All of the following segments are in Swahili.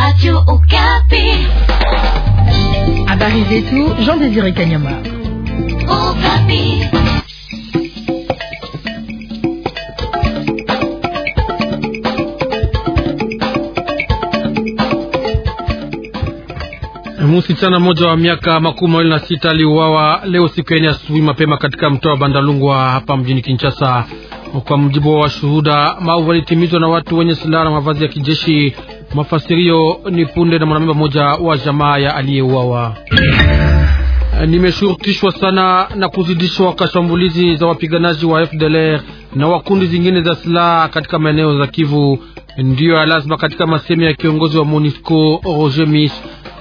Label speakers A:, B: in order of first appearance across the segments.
A: Radio Okapi.
B: Habari zetu, Jean Désiré Kanyama.
A: Okapi.
C: Msichana mmoja wa miaka makumi mawili na sita aliuawa leo siku ya asubuhi mapema katika mtaa wa Bandalungwa hapa mjini Kinshasa. Kwa mjibu wa washuhuda, maovu yalitimizwa na watu wenye silaha na mavazi ya kijeshi Mafasirio ni punde na mwanamemba mmoja wa jamaa ya aliyeuawa. Nimeshurutishwa sana na kuzidishwa kwa shambulizi za wapiganaji wa FDLR na wakundi zingine za silaha katika maeneo za Kivu, ndiyo ya lazima katika masemi ya kiongozi wa MONUSCO Roger Mis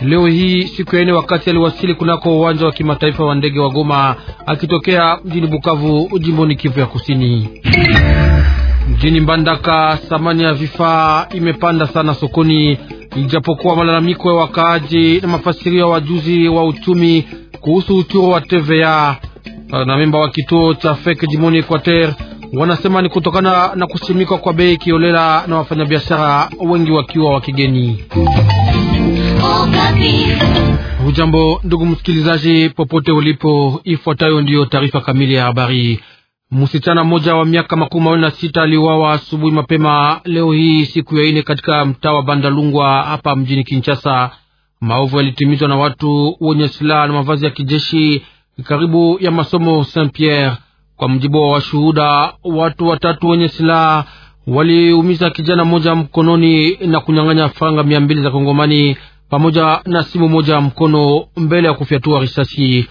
C: leo hii siku ya ine wakati aliwasili kunako uwanja wa kimataifa wa ndege wa Goma akitokea mjini Bukavu, jimboni Kivu ya Kusini. Mjini Mbandaka, thamani ya vifaa imepanda sana sokoni, ijapokuwa malalamiko ya wakaaji na mafasirio ya wajuzi wa uchumi kuhusu uchuro wa TVA na memba wa kituo cha feke jimoni Equateur wanasema ni kutokana na kusimikwa kwa bei kiolela na wafanyabiashara wengi wakiwa wa kigeni. Hujambo ndugu msikilizaji, popote ulipo, ifuatayo ndiyo taarifa kamili ya habari. Msichana mmoja wa miaka makumi mawili na sita aliuawa asubuhi mapema leo hii siku ya ine katika mtaa wa Bandalungwa hapa mjini Kinshasa. Maovu yalitimizwa na watu wenye silaha na mavazi ya kijeshi karibu ya masomo Saint Pierre. Kwa mjibu wa washuhuda, watu watatu wenye silaha waliumiza kijana mmoja mkononi na kunyang'anya faranga mia mbili za Kongomani pamoja na simu moja mkono mbele ya kufyatua risasi.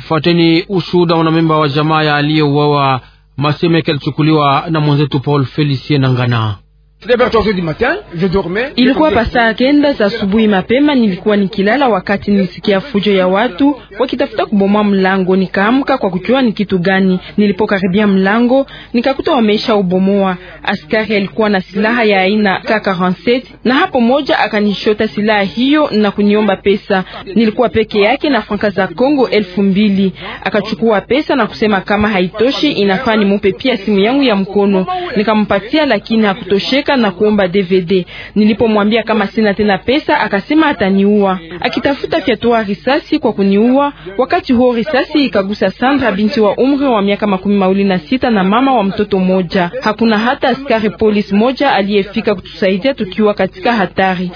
C: Fateni ushuhuda memba wa jamaa ya aliyeuawa Masemeke alichukuliwa na mwenzetu Paul Felicien Nangana.
B: Ilikuwa pasaa kenda za asubuhi mapema, nilikuwa nikilala wakati nilisikia fujo ya watu wakitafuta kubomoa mlango. Nikaamka kwa kujua ni kitu gani. Nilipokaribia mlango, nikakuta wameisha ubomoa. Askari alikuwa na silaha ya aina K47 na hapo moja akanishota silaha hiyo na kuniomba pesa. Nilikuwa peke yake na franka za Kongo elfu mbili. Akachukua pesa na kusema kama haitoshi inafaa nimupe pia simu yangu ya mkono. Nikampatia, lakini hakutosheka kuandika na kuomba DVD. Nilipomwambia kama sina tena pesa, akasema ataniua, akitafuta fyatua risasi kwa kuniua. Wakati huo risasi ikagusa Sandra, binti wa umri wa miaka makumi mawili na sita na mama wa mtoto moja. Hakuna hata askari polisi moja aliyefika kutusaidia tukiwa katika hatari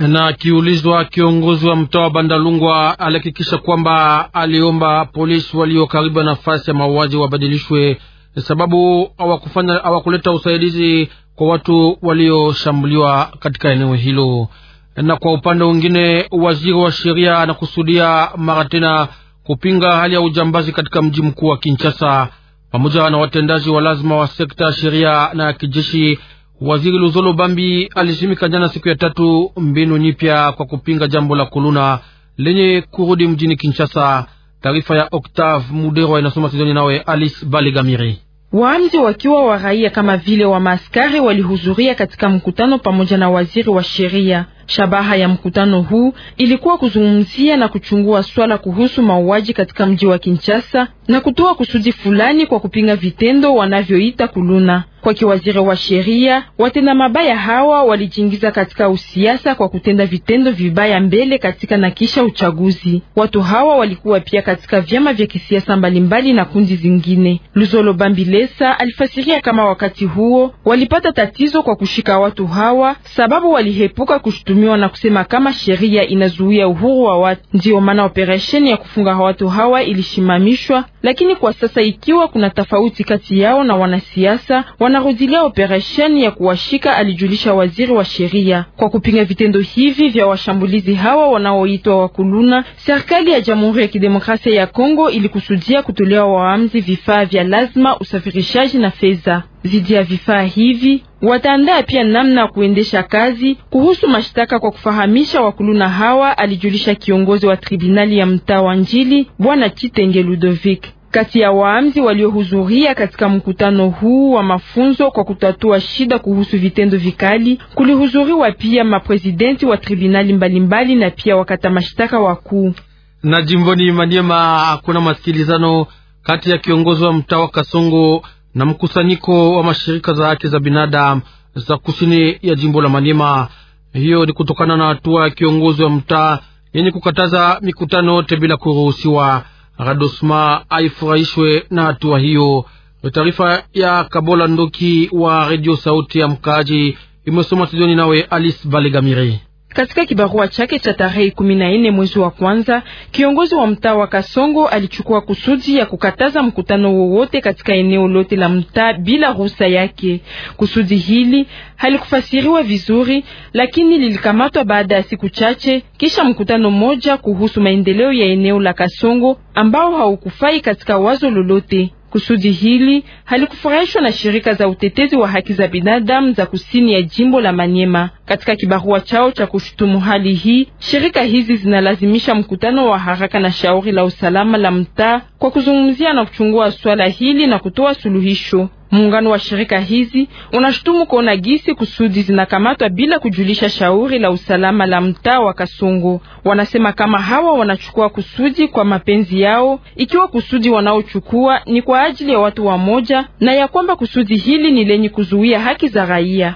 C: na akiulizwa, kiongozi wa mtaa wa Bandalungwa alihakikisha kwamba aliomba polisi walio karibu na nafasi ya mauaji wabadilishwe sababu hawakufanya hawakuleta usaidizi kwa watu walioshambuliwa katika eneo hilo. Na kwa upande mwingine, waziri wa sheria anakusudia mara tena kupinga hali ya ujambazi katika mji mkuu wa Kinshasa pamoja na watendaji wa lazima wa sekta ya sheria na ya kijeshi. Waziri Luzolo Bambi alishimika jana siku ya tatu mbinu nyipya kwa kupinga jambo la kuluna lenye kurudi mjini Kinshasa. Taarifa ya Octave Mudero inasoma Sidoni nawe Alice Baligamiri.
B: Waamzi wakiwa wa raia kama vile wa maaskari walihudhuria katika mkutano pamoja na waziri wa sheria. Shabaha ya mkutano huu ilikuwa kuzungumzia na kuchungua swala kuhusu mauaji katika mji wa Kinshasa na kutoa kusudi fulani kwa kupinga vitendo wanavyoita kuluna. Kwa kiwaziri wa sheria, watenda mabaya hawa walijiingiza katika usiasa kwa kutenda vitendo vibaya mbele katika na kisha uchaguzi. Watu hawa walikuwa pia katika vyama vya kisiasa mbalimbali na kundi zingine. Luzolo Bambilesa alifasiria kama wakati huo walipata tatizo kwa kushika watu hawa sababu walihepuka kushtu wanashutumiwa na kusema kama sheria inazuia uhuru wa watu. Ndiyo maana operesheni ya kufunga watu hawa ilishimamishwa, lakini kwa sasa, ikiwa kuna tofauti kati yao na wanasiasa, wanarudilia operesheni ya kuwashika, alijulisha waziri wa sheria. Kwa kupinga vitendo hivi vya washambulizi hawa wanaoitwa wakuluna, serikali ya Jamhuri ya Kidemokrasia ya Kongo ilikusudia kutolewa waamzi vifaa vya lazima, usafirishaji na fedha dhidi ya vifaa hivi. Wataandaa pia namna ya kuendesha kazi kuhusu mashtaka kwa kufahamisha wakuluna hawa, alijulisha kiongozi wa tribunali ya mtaa wa Njili Bwana Chitenge Ludovic. Kati ya waamzi waliohudhuria katika mkutano huu wa mafunzo kwa kutatua shida kuhusu vitendo vikali, kulihudhuriwa pia mapresidenti wa tribunali mbalimbali na pia wakata mashtaka wakuu.
C: Na jimboni Maniema kuna masikilizano kati ya kiongozi wa mtaa wa Kasongo na mkusanyiko wa mashirika za haki za binadamu za kusini ya jimbo la Maniema. Hiyo ni kutokana na hatua ya kiongozi wa mtaa yenye kukataza mikutano yote bila kuruhusiwa. Radosma aifurahishwe na hatua hiyo. Taarifa ya Kabola Ndoki wa Redio Sauti ya Mkaaji imesoma tizoni nawe Alice Balegamiri.
B: Katika kibarua chake cha tarehe kumi na nne mwezi wa kwanza, kiongozi wa mtaa wa Kasongo alichukua kusudi ya kukataza mkutano wowote katika eneo lote la mtaa bila ruhusa yake. Kusudi hili halikufasiriwa vizuri, lakini lilikamatwa baada ya siku chache kisha mkutano mmoja kuhusu maendeleo ya eneo la Kasongo ambao haukufai katika wazo lolote. Kusudi hili halikufurahishwa na shirika za utetezi wa haki za binadamu za kusini ya jimbo la Manyema. Katika kibarua chao cha kushutumu hali hii, shirika hizi zinalazimisha mkutano wa haraka na shauri la usalama la mtaa kwa kuzungumzia na kuchungua swala hili na kutoa suluhisho. Muungano wa shirika hizi unashutumu kuona gisi kusudi zinakamatwa bila kujulisha shauri la usalama la mtaa wa Kasungu. Wanasema kama hawa wanachukua kusudi kwa mapenzi yao, ikiwa kusudi wanaochukua ni kwa ajili ya watu wa moja, na ya kwamba kusudi hili ni lenye kuzuia haki za raia.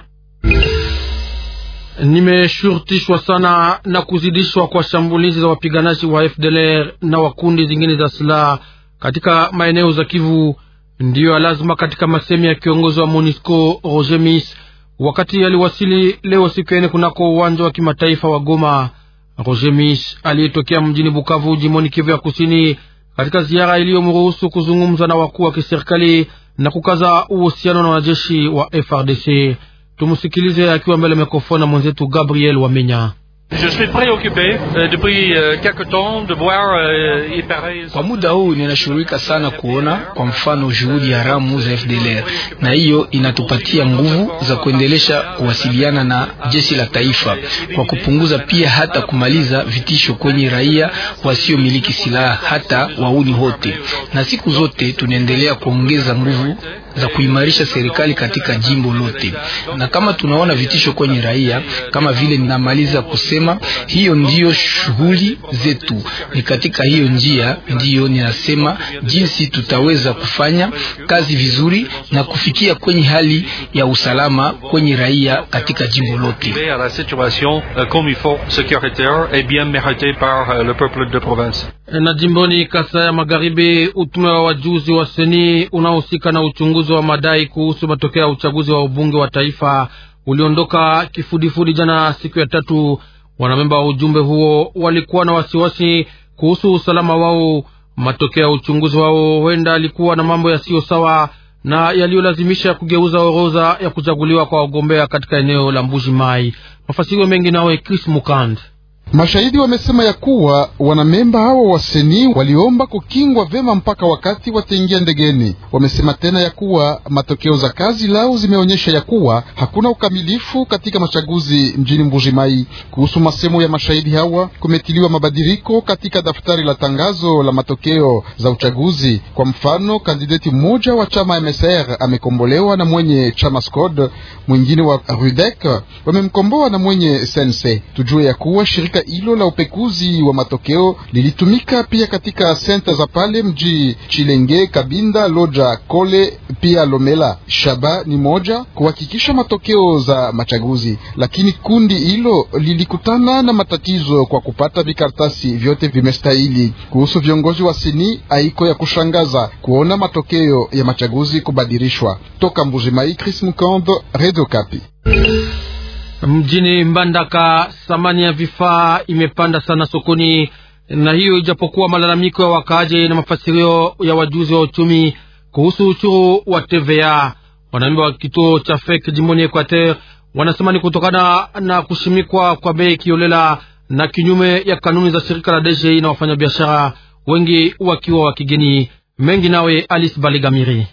C: Nimeshurutishwa sana na kuzidishwa kwa shambulizi za wapiganaji wa FDLR na wakundi zingine za silaha katika maeneo za Kivu ndiyo lazima katika masemi ya kiongozi wa MONUSCO Roger wakati aliwasili leo siku ya kunako uwanja wa kimataifa wa Goma. Roger aliyetokea mjini Bukavu, jimoni Kivu ya Kusini, katika ziara iliyomruhusu kuzungumza na wakuu wa kiserikali na kukaza uhusiano na wanajeshi wa FRDC. Tumsikilize akiwa mbele mikrofoni mikrofoni mwenzetu Gabriel Wamenya. Je suis euh, depuis euh, quelques temps de voir euh, kwa muda huu ninashughulika sana kuona kwa mfano juhudi haramu za FDLR, na hiyo inatupatia nguvu za kuendelesha kuwasiliana na jeshi la taifa kwa kupunguza pia hata kumaliza vitisho kwenye raia wasiomiliki silaha hata wauni hote, na siku zote tunaendelea kuongeza nguvu za kuimarisha serikali katika jimbo lote, na kama tunaona vitisho kwenye raia, kama vile ninamaliza kusema, hiyo ndiyo shughuli zetu. Ni katika hiyo njia ndiyo ninasema jinsi tutaweza kufanya kazi vizuri na kufikia kwenye hali ya usalama kwenye raia katika jimbo lote. Na jimboni Kasa ya Magharibi, utume wa wajuzi wa seni unaohusika na uchunguzi wa madai kuhusu matokeo ya uchaguzi wa ubunge wa taifa uliondoka kifudifudi jana siku ya tatu. Wanamemba wa ujumbe huo walikuwa na wasiwasi kuhusu usalama wao. Matokeo ya uchunguzi wao huenda alikuwa na mambo yasiyo sawa na yaliyolazimisha kugeuza orodha ya kuchaguliwa kwa wagombea katika eneo la Mbuji Mai. Mafasiriwe mengi nawe Chris Mukand.
A: Mashahidi wamesema ya kuwa wanamemba hawa wa seni waliomba kukingwa vyema mpaka wakati wataingia ndegeni. Wamesema tena ya kuwa matokeo za kazi lao zimeonyesha ya kuwa hakuna ukamilifu katika machaguzi mjini Mbujimai. Kuhusu masemo ya mashahidi hawa, kumetiliwa mabadiliko katika daftari la tangazo la matokeo za uchaguzi. Kwa mfano, kandidati mmoja wa chama MSR amekombolewa na mwenye chama SCOD, mwingine wa RUDEC wamemkomboa na mwenye sense. Tujue ya kuwa shirika shirika hilo la upekuzi wa matokeo lilitumika pia katika senta za pale mji Chilenge, Kabinda, Loja, Kole pia Lomela. Shaba ni moja kuhakikisha matokeo za machaguzi, lakini kundi hilo lilikutana na matatizo kwa kupata vikaratasi vyote vimestahili. Kuhusu viongozi wa sini, haiko ya kushangaza kuona matokeo ya machaguzi kubadilishwa. Toka Mbujimai, Chris Mkondo, Radio Kapi.
C: Mjini Mbandaka thamani ya vifaa imepanda sana sokoni, na hiyo ijapokuwa malalamiko ya wakaaji na mafasirio ya wajuzi wa uchumi kuhusu uchuru wa TVA. Wanamemba wa kituo cha FEK jimboni Equateur wanasema ni kutokana na kushimikwa kwa bei kiolela na kinyume ya kanuni za shirika la DGI na wafanyabiashara wengi wakiwa wa kigeni. Mengi nawe Alice Baligamiri.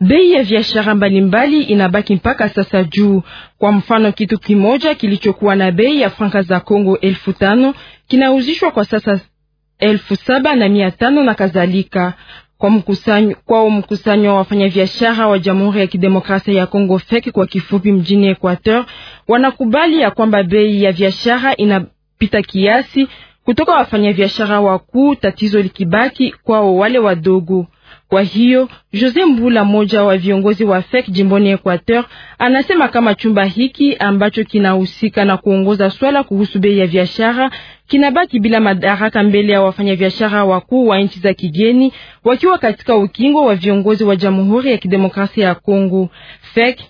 B: Bei ya biashara mbalimbali inabaki mpaka sasa juu. Kwa mfano, kitu kimoja kilichokuwa na bei ya franka za Kongo elfu tano kinauzishwa kwa sasa elfu saba na mia tano na kadhalika. Kwa mkusanyo, kwao mkusanyo wa wafanyabiashara wa Jamhuri ya Kidemokrasia ya Kongo FEC kwa kifupi, mjini Equateur, wanakubali ya kwamba bei ya biashara inapita kiasi kutoka wafanyabiashara wakuu, tatizo likibaki kwao wale wadogo. Kwa hiyo Jose Mbula, mmoja wa viongozi wa FEC jimboni Equateur, anasema kama chumba hiki ambacho kinahusika na kuongoza swala kuhusu bei ya biashara kinabaki bila madaraka mbele ya wafanyabiashara wakuu wa nchi za kigeni wakiwa katika ukingo wa viongozi wa Jamhuri ya Kidemokrasia ya Kongo. FEC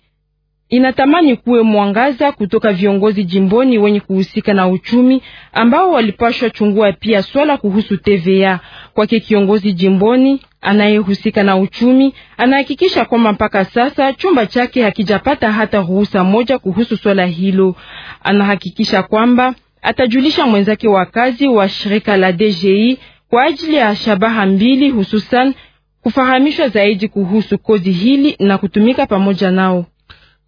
B: inatamani kuwe mwangaza kutoka viongozi jimboni wenye kuhusika na uchumi ambao walipashwa chungua pia swala kuhusu TVA. Kwake kiongozi jimboni anayehusika na uchumi anahakikisha kwamba mpaka sasa chumba chake hakijapata hata ruhusa moja kuhusu swala hilo. Anahakikisha kwamba atajulisha mwenzake wa kazi wa shirika la DGI kwa ajili ya shabaha mbili, hususan kufahamishwa zaidi kuhusu kodi hili na kutumika pamoja nao.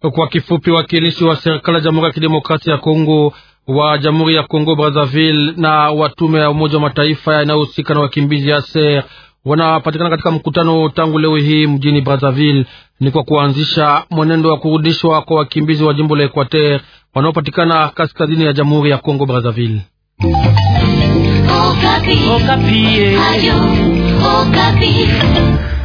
C: Kwa kifupi, wakilishi wa serikali ya Jamhuri ya Kidemokrasia ya Kongo wa Jamhuri ya Kongo Brazzaville na watume ya Umoja wa Mataifa yanayohusika na wakimbizi ser wanapatikana katika mkutano tangu leo hii mjini Brazzaville, ni kwa kuanzisha mwenendo wa kurudishwa kwa wakimbizi wa jimbo la Equateur wanaopatikana kaskazini ya Jamhuri ya Kongo Brazzaville.
A: Okapi. Okapi. Eh.
C: Ayo. Okapi.